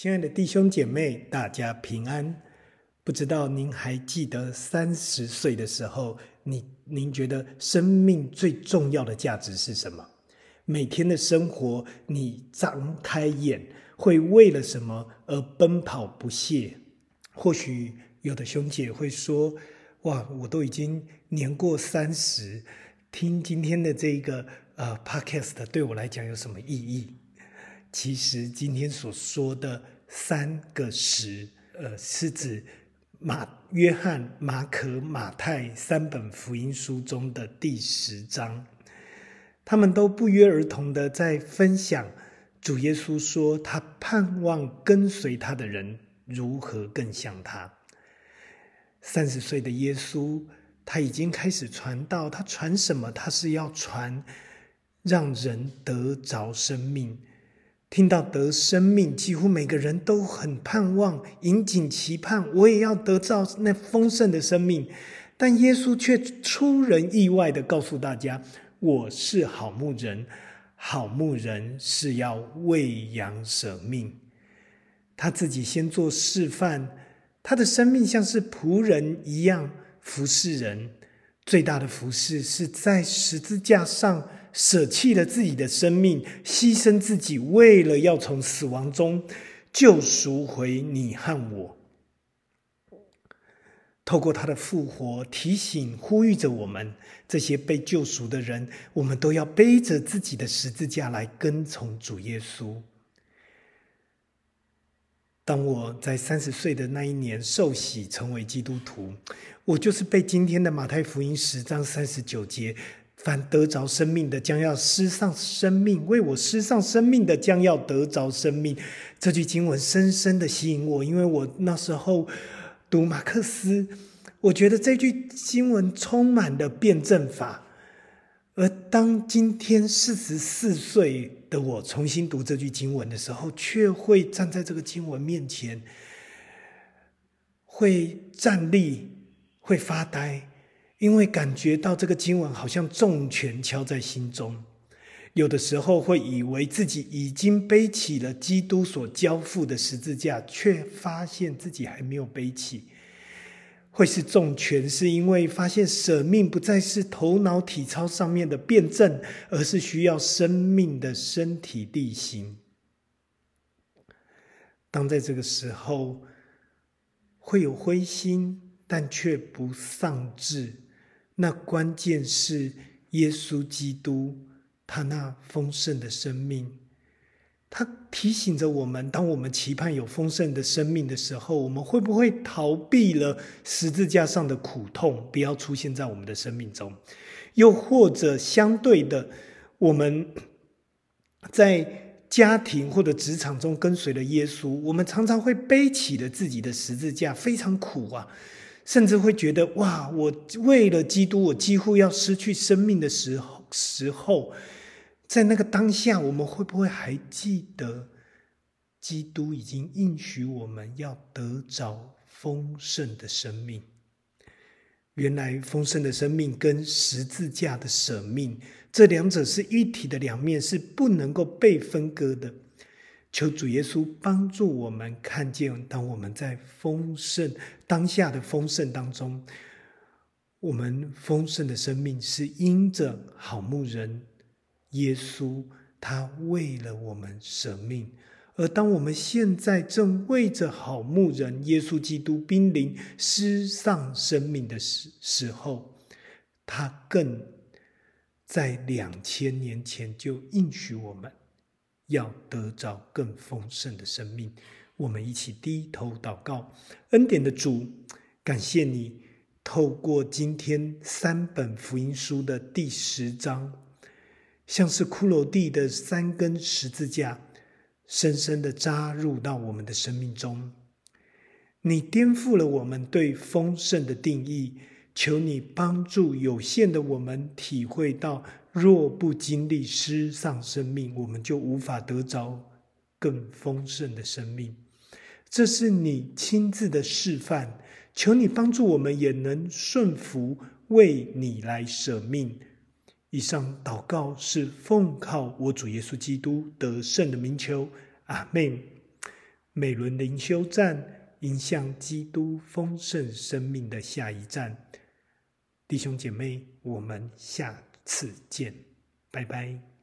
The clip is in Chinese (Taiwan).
親愛的弟兄姐妹，大家平安。不知道您還記得三十歲的時候，你您覺得生命最重要的價值是什麼？每天的生活，你張開眼會為了什麼而奔跑不懈？或許有的兄姐會說：“哇，我都已經年過三十，聽今天的這個呃，podcast 對我來講有什麼意義？”其實今天所說的三個十，呃，是指馬、約翰、馬可、馬太三本福音書中的第十章，他們都不約而同地在分享主耶穌說他盼望跟隨他的人如何更像他。三十歲的耶穌，他已經開始傳道，他傳什麼？他是要傳讓人得着生命。聽到得生命，幾乎每個人都很盼望、引頸期盼，我也要得到那豐盛的生命。但耶穌卻出人意外地告訴大家：“我是好牧人，好牧人是要為羊捨命。他自己先做示範，他的生命像是僕人一樣服侍人，最大的服侍是在十字架上。”捨棄了自己的生命，犧牲自己，為了要從死亡中救贖回你和我。透過他的復活，提醒、呼籲着我們這些被救贖的人，我們都要背着自己的十字架來跟從主耶穌。當我在三十歲的那一年受洗成為基督徒，我就是被今天的馬太福音十章三十九節。凡得着生命的，將要失喪生命；為我失喪生命的，將要得着生命。這句經文深深地吸引我，因為我那時候讀馬克思，我覺得這句經文充滿了辯證法。而當今天四十四歲的我重新讀這句經文的時候，卻會站在這個經文面前，會站立，會發呆。因為感覺到這個經文好像重拳敲在心中，有的時候會以為自己已經背起了基督所交付的十字架，卻發現自己還沒有背起。會是重拳，是因為發現舍命不再是頭腦體操上面的辯證，而是需要生命的身體力行。當在這個時候，會有灰心，但卻不喪志。那關鍵是耶穌基督他那豐盛的生命，他提醒着我們：當我們期盼有豐盛的生命的時候，我們會不會逃避了十字架上的苦痛，不要出現在我們的生命中？又或者，相對的，我們在家庭或者職場中跟隨了耶穌，我們常常會背起了自己的十字架，非常苦啊。甚至會覺得哇！我為了基督，我幾乎要失去生命的時候，時候，在那個當下，我們會不會還記得基督已經應許我們要得着豐盛的生命？原來豐盛的生命跟十字架的捨命，這兩者是一體的兩面，是不能夠被分割的。求主耶穌幫助我們看見，當我們在豐盛當下的豐盛當中，我們豐盛的生命是因着好牧人耶穌，他為了我們捨命；而當我們現在正為着好牧人耶穌基督瀕臨失喪生命的時時候，他更在兩千年前就應許我們，要得到更豐盛的生命，我們一起低頭禱告。恩典的主，感謝你，透過今天三本福音書的第十章，像是骷髏地的三根十字架，深深的扎入到我們的生命中。你顛覆了我們對豐盛的定義。求你幫助有限的我們，體會到若不經歷失喪生命，我們就無法得着更豐盛的生命。這是你親自的示範。求你幫助我們，也能順服為你來舍命。以上禱告是奉靠我主耶穌基督得勝的名求。阿門。美崙靈修站，迎向基督豐盛生命的下一站。弟兄姐妹，我們下次見，拜拜。